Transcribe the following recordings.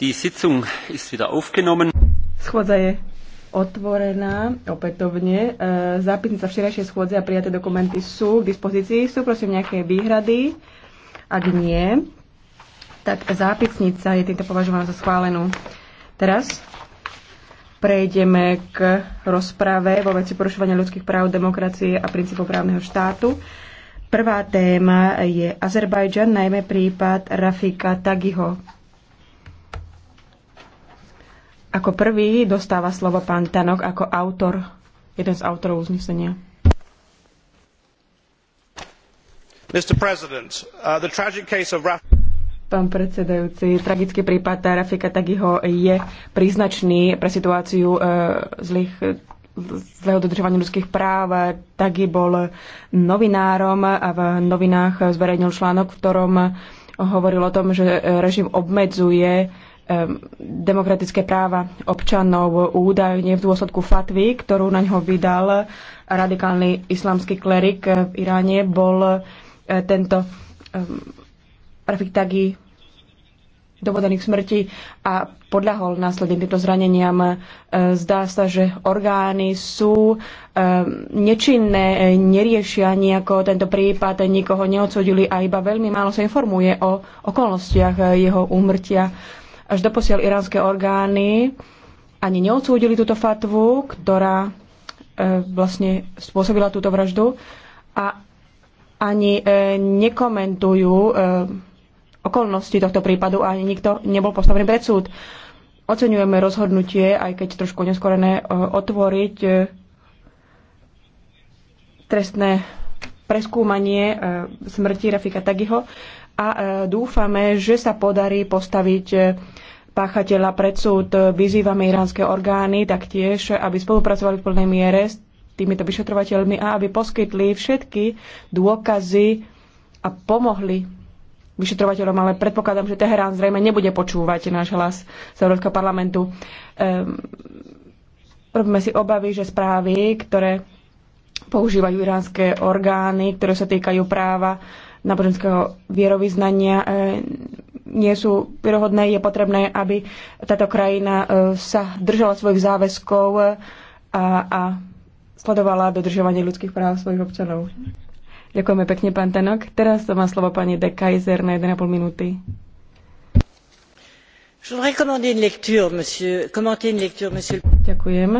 Die Sitzung ist wieder aufgenommen. Schôdza je otvorená opätovne. E, zápisnica včerajšej schôdze a prijaté dokumenty sú k dispozícii. Sú prosím nejaké výhrady? Ak nie, tak zápisnica je týmto považovaná za schválenú. Teraz prejdeme k rozprave vo veci porušovania ľudských práv, demokracie a princípov právneho štátu. Prvá téma je Azerbajdžan, najmä prípad Rafika Tagiho. Ako prvý dostáva slovo pán Tanok ako autor, jeden z autorov uznesenia. Mr. President, uh, the tragic case of Raf- Pán predsedajúci, tragický prípad Rafika Tagiho je príznačný pre situáciu uh, zlých zlého dodržovania ľudských práv. Tagi bol novinárom a v novinách zverejnil článok, v ktorom hovoril o tom, že režim obmedzuje demokratické práva občanov údajne v dôsledku fatvy, ktorú na ňo vydal radikálny islamský klerik v Iráne, bol e, tento Rafik Tagi dovodený k smrti a podľahol následne týmto zraneniam. E, zdá sa, že orgány sú nečinné, neriešia nejako tento prípad, nikoho neodsudili a iba veľmi málo sa informuje o okolnostiach jeho úmrtia. Až doposiaľ iránske orgány ani neodsúdili túto fatvu, ktorá e, vlastne spôsobila túto vraždu a ani e, nekomentujú e, okolnosti tohto prípadu a ani nikto nebol postavený pred súd. Oceňujeme rozhodnutie, aj keď trošku neskorené, otvoriť trestné preskúmanie smrti Rafika Tagiho a e, dúfame, že sa podarí postaviť e, páchateľa pred súd. Vyzývame iránske orgány taktiež, aby spolupracovali v plnej miere s týmito vyšetrovateľmi a aby poskytli všetky dôkazy a pomohli vyšetrovateľom, ale predpokladám, že Teherán zrejme nebude počúvať náš hlas z Európskeho parlamentu. Ehm, robíme si obavy, že správy, ktoré používajú iránske orgány, ktoré sa týkajú práva náboženského vierovýznania e, nie sú vierohodné, je potrebné, aby táto krajina e, sa držala svojich záväzkov e, a, a sledovala dodržovanie ľudských práv svojich občanov. Ďakujeme pekne, pán Tenok. Teraz má slovo pani De Kaiser na 1,5 minúty. Ďakujem.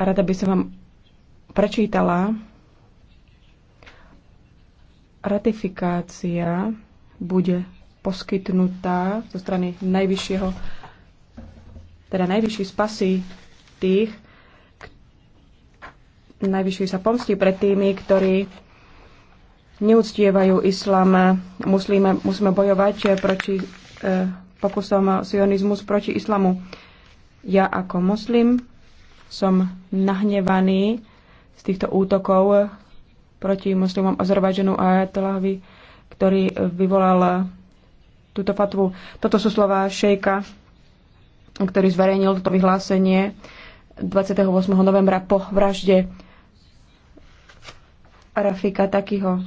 Rada by som vám prečítala ratifikácia bude poskytnutá zo strany najvyššieho, teda najvyšší spasí tých, najvyšší sa pomstí pred tými, ktorí neúctievajú islám. Musíme, musíme bojovať proti e, pokusom sionizmus proti islamu. Ja ako moslim som nahnevaný z týchto útokov proti muslimom Azerbajdžanu a Ayatollahovi, ktorý eh, vyvolal eh, túto fatvu. Toto sú slova šejka, ktorý zverejnil toto vyhlásenie 28. novembra po vražde Rafika Takiho.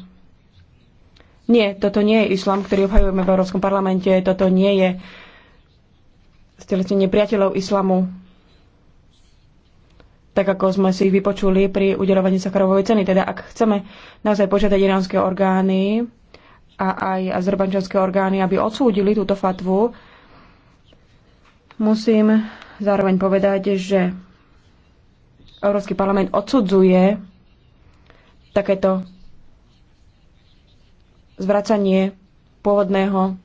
Nie, toto nie je islám, ktorý obhajujeme v Európskom parlamente. Toto nie je stelecenie priateľov islamu tak ako sme si ich vypočuli pri udelovaní Sacharovej ceny. Teda ak chceme naozaj požiadať iránske orgány a aj azerbajdžanské orgány, aby odsúdili túto fatvu, musím zároveň povedať, že Európsky parlament odsudzuje takéto zvracanie pôvodného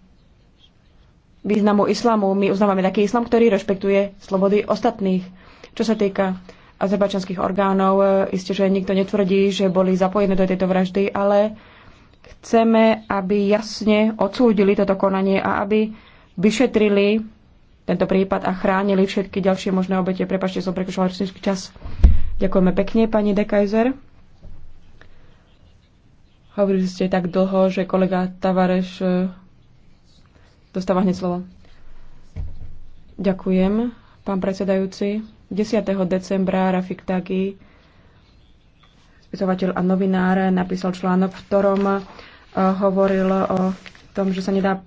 významu islamu. My uznávame taký islam, ktorý rešpektuje slobody ostatných. Čo sa týka azerbačanských orgánov. E, Isté, že nikto netvrdí, že boli zapojené do tejto vraždy, ale chceme, aby jasne odsúdili toto konanie a aby vyšetrili tento prípad a chránili všetky ďalšie možné obete. Prepašte, som prekošla rečnícky čas. Ďakujeme pekne, pani Dekajzer. Hovorili ste tak dlho, že kolega Tavareš e, dostáva hneď slovo. Ďakujem, pán predsedajúci. 10. decembra Rafik Taki, spisovateľ a novinár, napísal článok, v ktorom eh, hovoril o tom, že sa nedá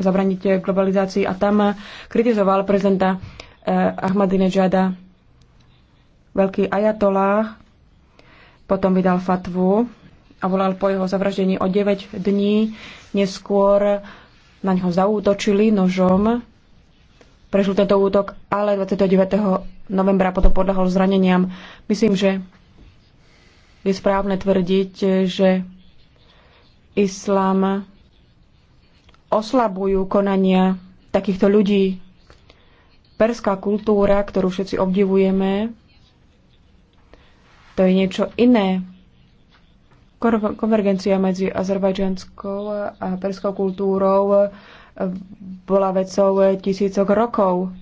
zabraniť globalizácii a tam kritizoval prezidenta eh, Ahmadinejada veľký ajatolách, potom vydal fatvu a volal po jeho zavraždení o 9 dní. Neskôr na ňo zautočili nožom prežil tento útok, ale 29. novembra potom podľahol zraneniam. Myslím, že je správne tvrdiť, že islám oslabujú konania takýchto ľudí. Perská kultúra, ktorú všetci obdivujeme, to je niečo iné. Konvergencia medzi azerbajdžanskou a perskou kultúrou bola vecou eh, tisícok rokov.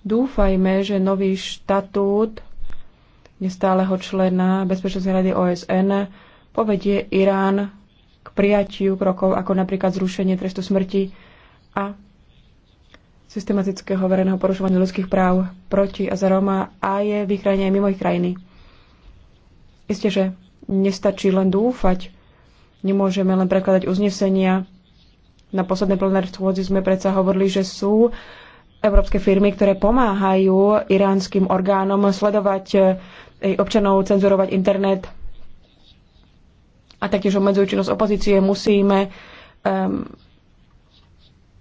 Dúfajme, že nový štatút nestáleho člena Bezpečnostnej rady OSN povedie Irán k prijatiu krokov ako napríklad zrušenie trestu smrti a systematického verejného porušovania ľudských práv proti a Roma a je v ich krajine aj mimo ich krajiny. Isté, že nestačí len dúfať, nemôžeme len prekladať uznesenia, na poslednej v schôdzi sme predsa hovorili, že sú európske firmy, ktoré pomáhajú iránskym orgánom sledovať eh, občanov, cenzurovať internet a taktiež obmedzujú činnosť opozície. Musíme um,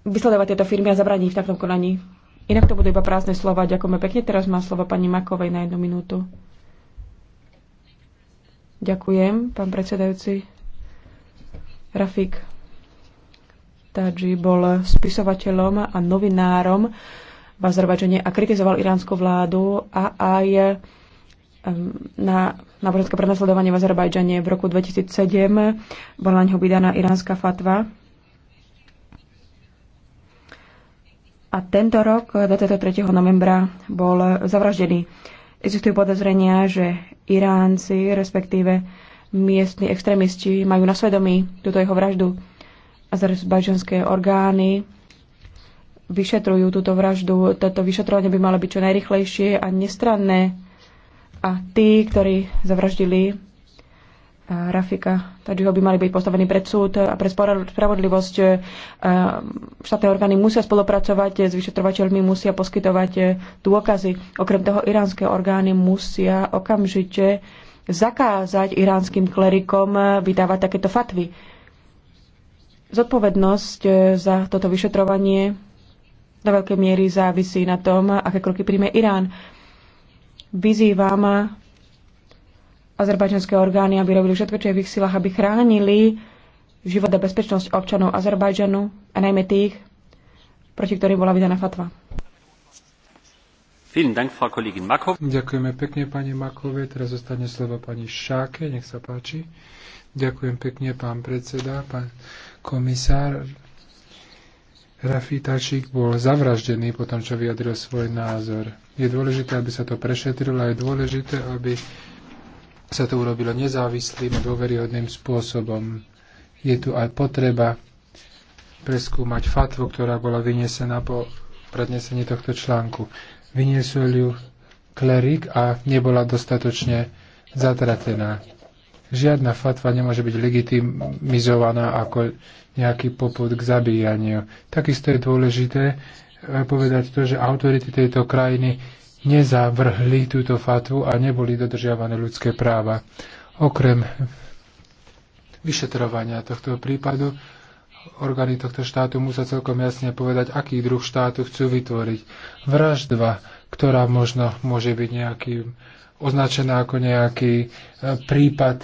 vysledovať tieto firmy a zabraniť v takom konaní. Inak to budú iba prázdne slova. Ďakujeme pekne. Teraz má slovo pani Makovej na jednu minútu. Ďakujem, pán predsedajúci. Rafik. Taji bol spisovateľom a novinárom v Azerbajdžane a kritizoval iránsku vládu a aj na náboženské prenasledovanie v Azerbajdžane v roku 2007 bola na neho vydaná iránska fatva. A tento rok, 23. novembra, bol zavraždený. Existujú podozrenia, že Iránci, respektíve miestni extrémisti, majú na svedomí túto jeho vraždu azerbajžanské orgány vyšetrujú túto vraždu. Toto vyšetrovanie by malo byť čo najrychlejšie a nestranné. A tí, ktorí zavraždili eh, Rafika Tadžiho, by mali byť postavení pred súd a pre spravodlivosť. Eh, štátne orgány musia spolupracovať s vyšetrovateľmi, musia poskytovať eh, dôkazy. Okrem toho, iránske orgány musia okamžite zakázať iránskym klerikom vydávať takéto fatvy Zodpovednosť e, za toto vyšetrovanie do veľkej miery závisí na tom, aké kroky príjme Irán. Vyzývam azerbajdžanské orgány, aby robili všetko, čo je v ich silách, aby chránili život a bezpečnosť občanov Azerbajdžanu a najmä tých, proti ktorým bola vydaná fatva. Ďakujeme pekne pani Makovej. Teraz zostane slovo pani Šáke. Nech sa páči. Ďakujem pekne, pán predseda, pán komisár. Rafitačík bol zavraždený po tom, čo vyjadril svoj názor. Je dôležité, aby sa to prešetrilo a je dôležité, aby sa to urobilo nezávislým a dôveryhodným spôsobom. Je tu aj potreba preskúmať fatvu, ktorá bola vyniesená po prednesení tohto článku. Vyniesol ju klerik a nebola dostatočne zatratená. Žiadna fatva nemôže byť legitimizovaná ako nejaký poput k zabíjaniu. Takisto je dôležité eh, povedať to, že autority tejto krajiny nezavrhli túto fatvu a neboli dodržiavané ľudské práva. Okrem vyšetrovania tohto prípadu orgány tohto štátu musia celkom jasne povedať, aký druh štátu chcú vytvoriť. Vraždva, ktorá možno môže byť nejakým označená ako nejaký e, prípad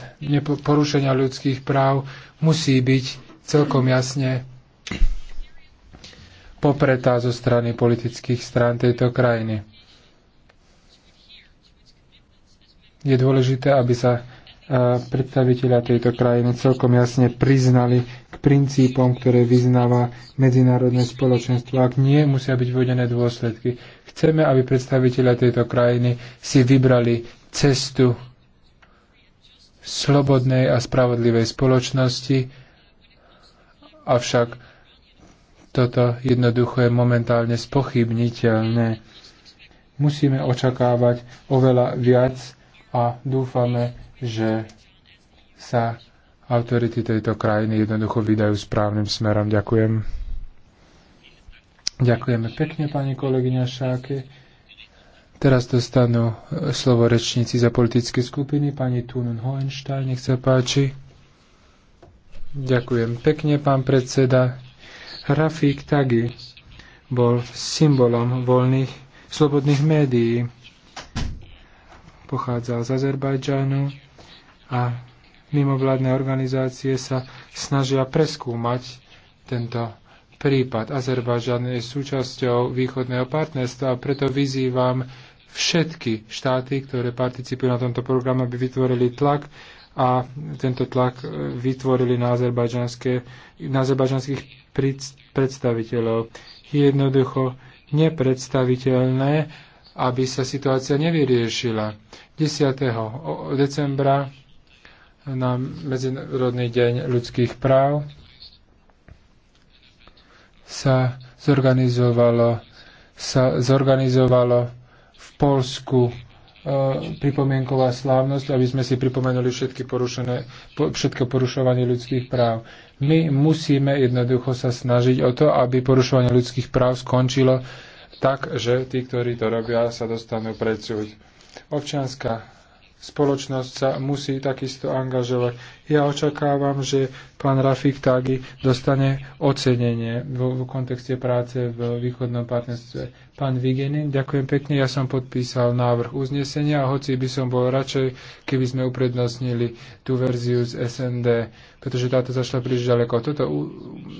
porušenia ľudských práv, musí byť celkom jasne popretá zo strany politických strán tejto krajiny. Je dôležité, aby sa predstaviteľa tejto krajiny celkom jasne priznali k princípom, ktoré vyznáva medzinárodné spoločenstvo. Ak nie, musia byť vodené dôsledky. Chceme, aby predstaviteľa tejto krajiny si vybrali cestu slobodnej a spravodlivej spoločnosti, avšak toto jednoducho je momentálne spochybniteľné. Musíme očakávať oveľa viac a dúfame, že sa autority tejto krajiny jednoducho vydajú správnym smerom. Ďakujem. Ďakujeme pekne, pani kolegyňa Šáke. Teraz dostanú e, slovo rečníci za politické skupiny. Pani Tunun Hohenstein, nech sa páči. Ďakujem pekne, pán predseda. Rafik Tagi bol symbolom voľných, slobodných médií. Pochádzal z Azerbajdžanu a mimovládne organizácie sa snažia preskúmať tento prípad. Azerbajdžan je súčasťou východného partnerstva a preto vyzývam všetky štáty, ktoré participujú na tomto programe, aby vytvorili tlak a tento tlak e, vytvorili na, na azerbajdžanských predstaviteľov. Je jednoducho nepredstaviteľné, aby sa situácia nevyriešila. 10. decembra na Medzinárodný deň ľudských práv sa zorganizovalo, sa zorganizovalo v Polsku e, pripomienková slávnosť, aby sme si pripomenuli všetky porušené, po, všetko porušovanie ľudských práv. My musíme jednoducho sa snažiť o to, aby porušovanie ľudských práv skončilo tak, že tí, ktorí to robia, sa dostanú pred súd. Občianská spoločnosť sa musí takisto angažovať. Ja očakávam, že pán Rafik Tagi dostane ocenenie v, v kontexte práce v východnom partnerstve. Pán Vigenin, ďakujem pekne, ja som podpísal návrh uznesenia a hoci by som bol radšej, keby sme uprednostnili tú verziu z SND, pretože táto zašla príliš ďaleko. Toto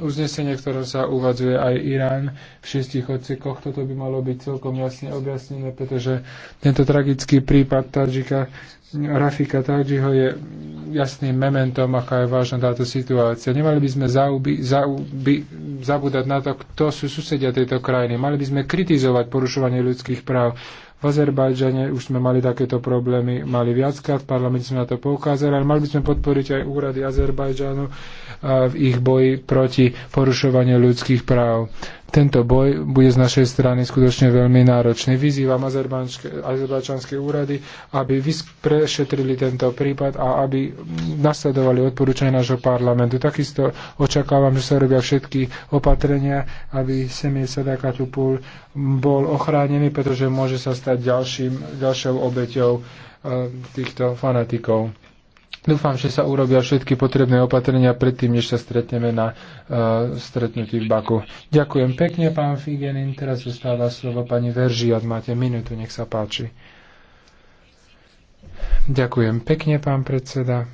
uznesenie, ktoré sa uvadzuje aj Irán v šestich odsekoch, toto by malo byť celkom jasne objasnené, pretože tento tragický prípad Tadžika, Rafika Tadžiho je jasný mem parlamentom, aká je vážna táto situácia. Nemali by sme zauby, zauby, zabúdať na to, kto sú susedia tejto krajiny. Mali by sme kritizovať porušovanie ľudských práv. V Azerbajdžane už sme mali takéto problémy, mali viackrát, v parlamente sme na to poukázali, ale mali by sme podporiť aj úrady Azerbajdžanu v ich boji proti porušovaniu ľudských práv. Tento boj bude z našej strany skutočne veľmi náročný. Vyzývam azerbajčanské úrady, aby prešetrili tento prípad a aby nasledovali odporúčania nášho parlamentu. Takisto očakávam, že sa robia všetky opatrenia, aby Semir Sadakatupul bol ochránený, pretože môže sa stať ďalším, ďalšou obeťou eh, týchto fanatikov. Dúfam, že sa urobia všetky potrebné opatrenia predtým, než sa stretneme na uh, stretnutí v Baku. Ďakujem pekne, pán Figenin. Teraz zostáva slovo pani Veržiat. Máte minútu, nech sa páči. Ďakujem pekne, pán predseda.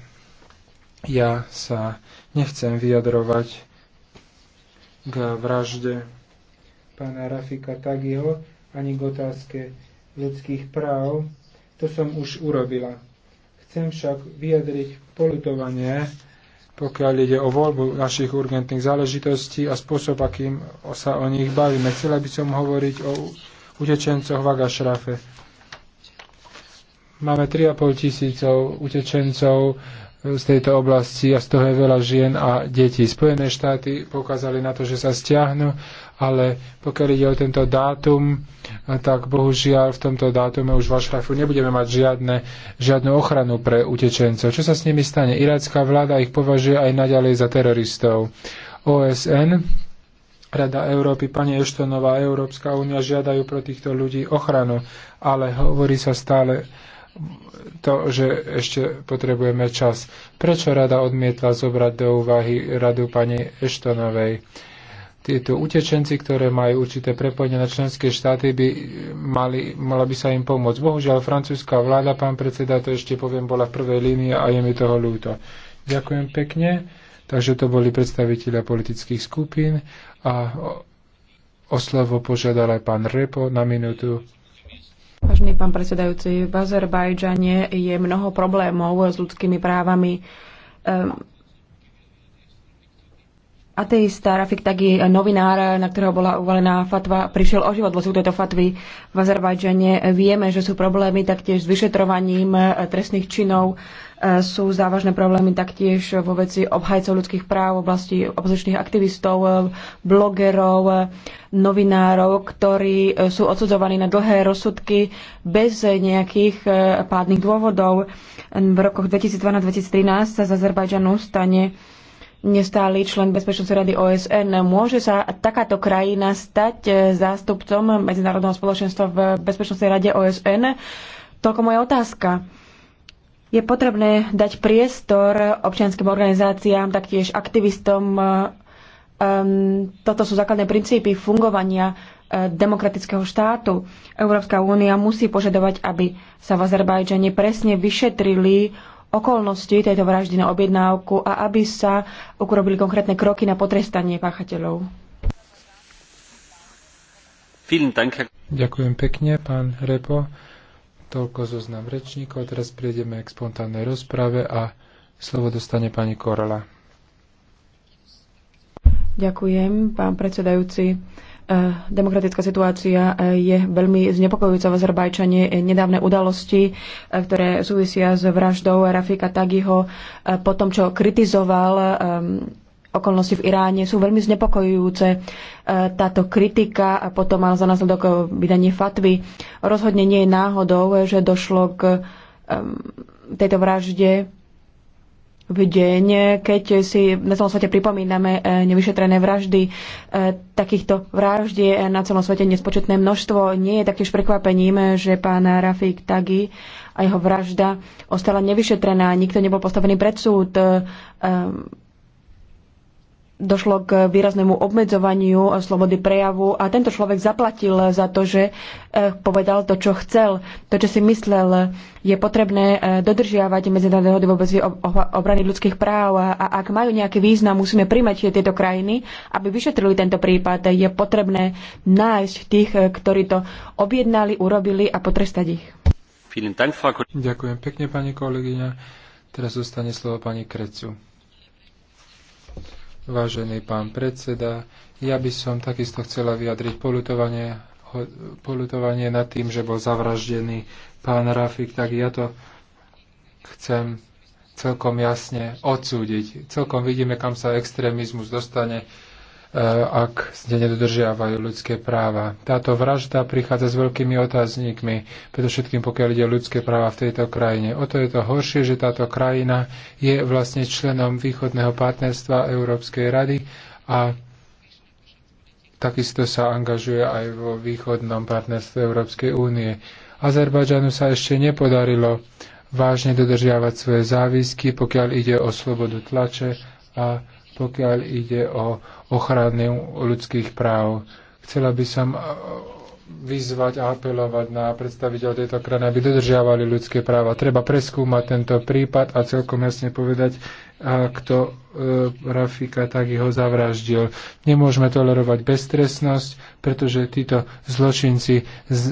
Ja sa nechcem vyjadrovať k vražde pána Rafika Tagiho ani k otázke ľudských práv. To som už urobila Chcem však vyjadriť polutovanie, pokiaľ ide o voľbu našich urgentných záležitostí a spôsob, akým sa o nich bavíme. Chcela by som hovoriť o utečencoch v Agašrafe. Máme 3,5 tisícov utečencov z tejto oblasti a z toho je veľa žien a detí. Spojené štáty pokázali na to, že sa stiahnu, ale pokiaľ ide o tento dátum, tak bohužiaľ v tomto dátume už v Ašrafu nebudeme mať žiadne, žiadnu ochranu pre utečencov. Čo sa s nimi stane? Iracká vláda ich považuje aj naďalej za teroristov. OSN Rada Európy, pani Eštonová, Európska únia žiadajú pro týchto ľudí ochranu, ale hovorí sa stále to, že ešte potrebujeme čas. Prečo rada odmietla zobrať do úvahy radu pani Eštonovej? Tieto utečenci, ktoré majú určité prepojenie na členské štáty, by mali, mala by sa im pomôcť. Bohužiaľ, francúzska vláda, pán predseda, to ešte poviem, bola v prvej línii a je mi toho ľúto. Ďakujem pekne. Takže to boli predstaviteľa politických skupín a o, o slovo požiadal aj pán Repo na minútu. Vážený pán predsedajúci, v Azerbajdžane je mnoho problémov s ľudskými právami. Um, ateista Rafik Tagi, novinár, na ktorého bola uvalená fatva, prišiel o život vlastne tejto fatvy v Azerbajdžane. Vieme, že sú problémy taktiež s vyšetrovaním eh, trestných činov sú závažné problémy taktiež vo veci obhajcov ľudských práv oblasti opozičných aktivistov, blogerov, novinárov, ktorí e, sú odsudzovaní na dlhé rozsudky bez nejakých e, pádnych dôvodov. V rokoch 2012-2013 sa z Azerbajdžanu stane nestály člen Bezpečnosti rady OSN. Môže sa takáto krajina stať e, zástupcom Medzinárodného spoločenstva v Bezpečnostnej rade OSN? Toľko moja otázka. Je potrebné dať priestor občianským organizáciám, taktiež aktivistom. E, toto sú základné princípy fungovania e, demokratického štátu. Európska únia musí požadovať, aby sa v Azerbajdžane presne vyšetrili okolnosti tejto vraždy na objednávku a aby sa urobili konkrétne kroky na potrestanie páchateľov. Ďakujem pekne, pán Repo. Toľko zoznam rečníkov. Teraz prejdeme k spontánnej rozprave a slovo dostane pani Korola. Ďakujem, pán predsedajúci eh, demokratická situácia eh, je veľmi znepokojujúca v Azerbajčane. Eh, nedávne udalosti, ktoré súvisia s vraždou Rafika Tagiho, po tom, čo kritizoval okolnosti v Iráne sú veľmi znepokojujúce. E, táto kritika a potom mal za následok vydanie fatvy. Rozhodne nie je náhodou, že došlo k tejto vražde v deň, keď si na celom svete pripomíname e, nevyšetrené vraždy. E, takýchto vražd je na celom svete nespočetné množstvo. Nie je taktiež prekvapením, že pán Rafik Tagi a jeho vražda ostala nevyšetrená. Nikto nebol postavený pred súd došlo k výraznému obmedzovaniu slobody prejavu a tento človek zaplatil za to, že eh, povedal to, čo chcel. To, čo si myslel, je potrebné eh, dodržiavať medzinárodné dohody vôbec oblasti obrany ľudských práv a ak majú nejaký význam, musíme príjmať tieto krajiny, aby vyšetrili tento prípad. Je potrebné nájsť tých, eh, ktorí to objednali, urobili a potrestať ich. Ďakujem pekne, pani kolegyňa. Teraz zostane slovo pani Krecu. Vážený pán predseda, ja by som takisto chcela vyjadriť polutovanie, polutovanie nad tým, že bol zavraždený pán Rafik, tak ja to chcem celkom jasne odsúdiť. Celkom vidíme, kam sa extrémizmus dostane Eh, ak ste nedodržiavajú ľudské práva. Táto vražda prichádza s veľkými otáznikmi, predovšetkým pokiaľ ide o ľudské práva v tejto krajine. O to je to horšie, že táto krajina je vlastne členom východného partnerstva Európskej rady a takisto sa angažuje aj vo východnom partnerstve Európskej únie. Azerbajdžanu sa ešte nepodarilo vážne dodržiavať svoje závisky, pokiaľ ide o slobodu tlače a pokiaľ ide o ochranu ľudských práv. Chcela by som e, vyzvať a apelovať na predstaviteľov tejto krajiny, aby dodržiavali ľudské práva. Treba preskúmať tento prípad a celkom jasne povedať, a kto e, Rafika tak ho zavraždil. Nemôžeme tolerovať beztresnosť, pretože títo zločinci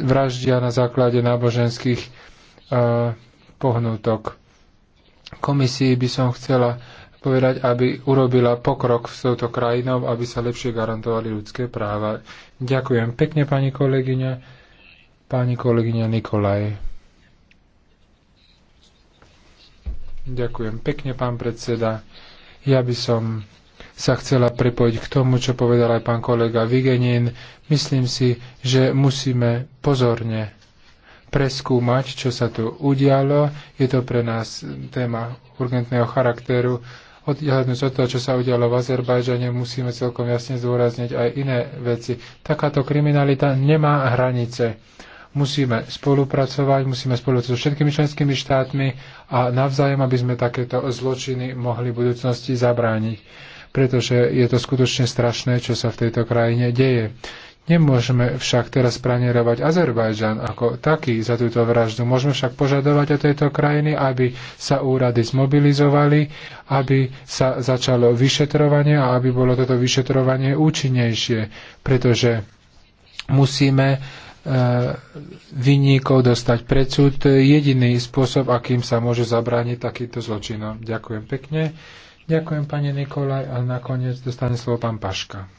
vraždia na základe náboženských e, pohnutok. Komisii by som chcela povedať, aby urobila pokrok s touto krajinou, aby sa lepšie garantovali ľudské práva. Ďakujem pekne, pani kolegyňa. Pani kolegyňa Nikolaj. Ďakujem pekne, pán predseda. Ja by som sa chcela prepojiť k tomu, čo povedal aj pán kolega Vigenin. Myslím si, že musíme pozorne preskúmať, čo sa tu udialo. Je to pre nás téma urgentného charakteru odhľadnúť od toho, čo sa udialo v Azerbajdžane, musíme celkom jasne zdôrazniť aj iné veci. Takáto kriminalita nemá hranice. Musíme spolupracovať, musíme spolupracovať so všetkými členskými štátmi a navzájom, aby sme takéto zločiny mohli v budúcnosti zabrániť pretože je to skutočne strašné, čo sa v tejto krajine deje. Nemôžeme však teraz pranierovať Azerbajdžan ako taký za túto vraždu. Môžeme však požadovať od tejto krajiny, aby sa úrady zmobilizovali, aby sa začalo vyšetrovanie a aby bolo toto vyšetrovanie účinnejšie, pretože musíme e, vyníkov dostať pred súd. To je jediný spôsob, akým sa môže zabrániť takýmto zločinom. Ďakujem pekne. Ďakujem, pani Nikolaj. A nakoniec dostane slovo pán Paška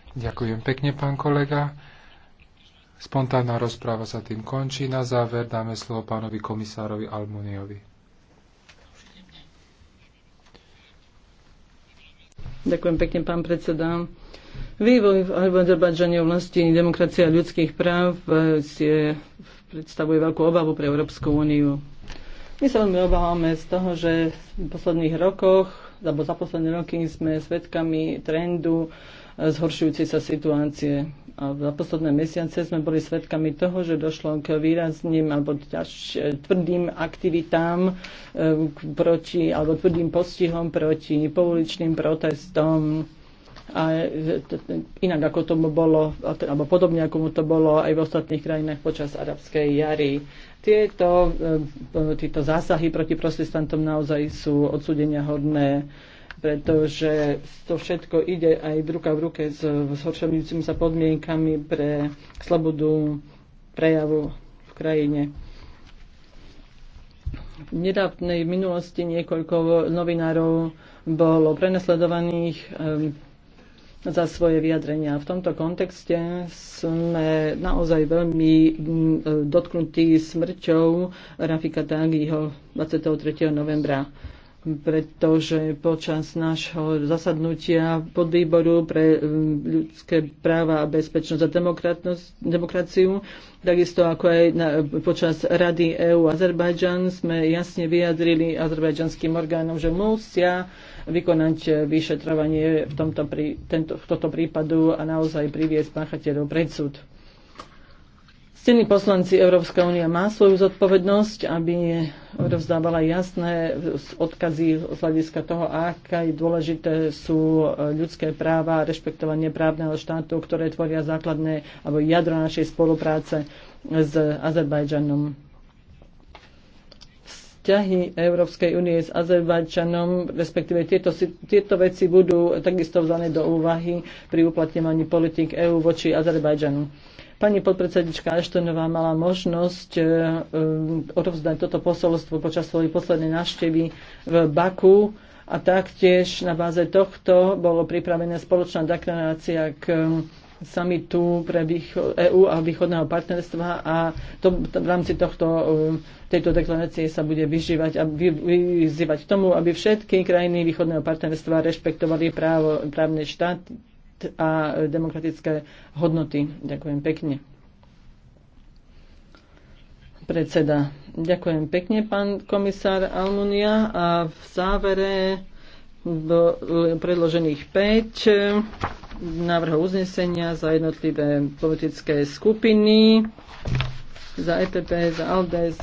Ďakujem pekne, pán kolega. Spontánna rozpráva sa tým končí. Na záver dáme slovo pánovi komisárovi Almuniovi. Ďakujem pekne, pán predseda. Vývoj v Azerbajdžane oblasti demokracie a ľudských práv e, je, predstavuje veľkú obavu pre Európsku úniu. My sa veľmi obávame z toho, že v posledných rokoch lebo za posledné roky sme svedkami trendu e, zhoršujúcej sa situácie. A za posledné mesiace sme boli svedkami toho, že došlo k výrazným alebo až e, tvrdým aktivitám e, proti, alebo tvrdým postihom proti pouličným protestom, a e, inak ako tomu bolo, alebo podobne ako mu to bolo aj v ostatných krajinách počas arabskej jary. Tieto, e, títo zásahy proti protestantom naozaj sú odsudenia hodné pretože to všetko ide aj ruka v ruke s zhoršujúcimi sa podmienkami pre slobodu prejavu v krajine. V nedávnej minulosti niekoľko novinárov bolo prenasledovaných e, za svoje vyjadrenia. V tomto kontexte sme naozaj veľmi mm, dotknutí smrťou Rafika Tagiho 23. novembra pretože počas nášho zasadnutia podvýboru pre um, ľudské práva a bezpečnosť a demokraciu, takisto ako aj na, počas Rady EÚ Azerbajdžan sme jasne vyjadrili azerbajdžanským orgánom, že musia vykonať vyšetrovanie v tomto, prí, tento, v tomto prípadu a naozaj priviesť páchateľov pred súd. Stení poslanci Európska únia má svoju zodpovednosť, aby rozdávala jasné odkazy z hľadiska toho, aké dôležité sú e, ľudské práva, rešpektovanie právneho štátu, ktoré tvoria základné alebo jadro našej spolupráce s Azerbajdžanom. Vzťahy Európskej únie s Azerbajdžanom, respektíve tieto, tieto veci budú takisto vzané do úvahy pri uplatňovaní politik EÚ voči Azerbajdžanu Pani podpredsedička Eštenová mala možnosť e, e, odovzdať toto posolstvo počas svojej poslednej návštevy v Baku a taktiež na báze tohto bolo pripravená spoločná deklarácia k e, samitu pre EÚ a východného partnerstva a to, v rámci tohto, tejto deklarácie sa bude vyžívať a vy, vyzývať k tomu, aby všetky krajiny východného partnerstva rešpektovali právo, právne štát, a demokratické hodnoty. Ďakujem pekne. Predseda. Ďakujem pekne, pán komisár Almunia. A v závere e, predložených 5 e, návrhov uznesenia za jednotlivé politické skupiny, za EPP, za ALDE,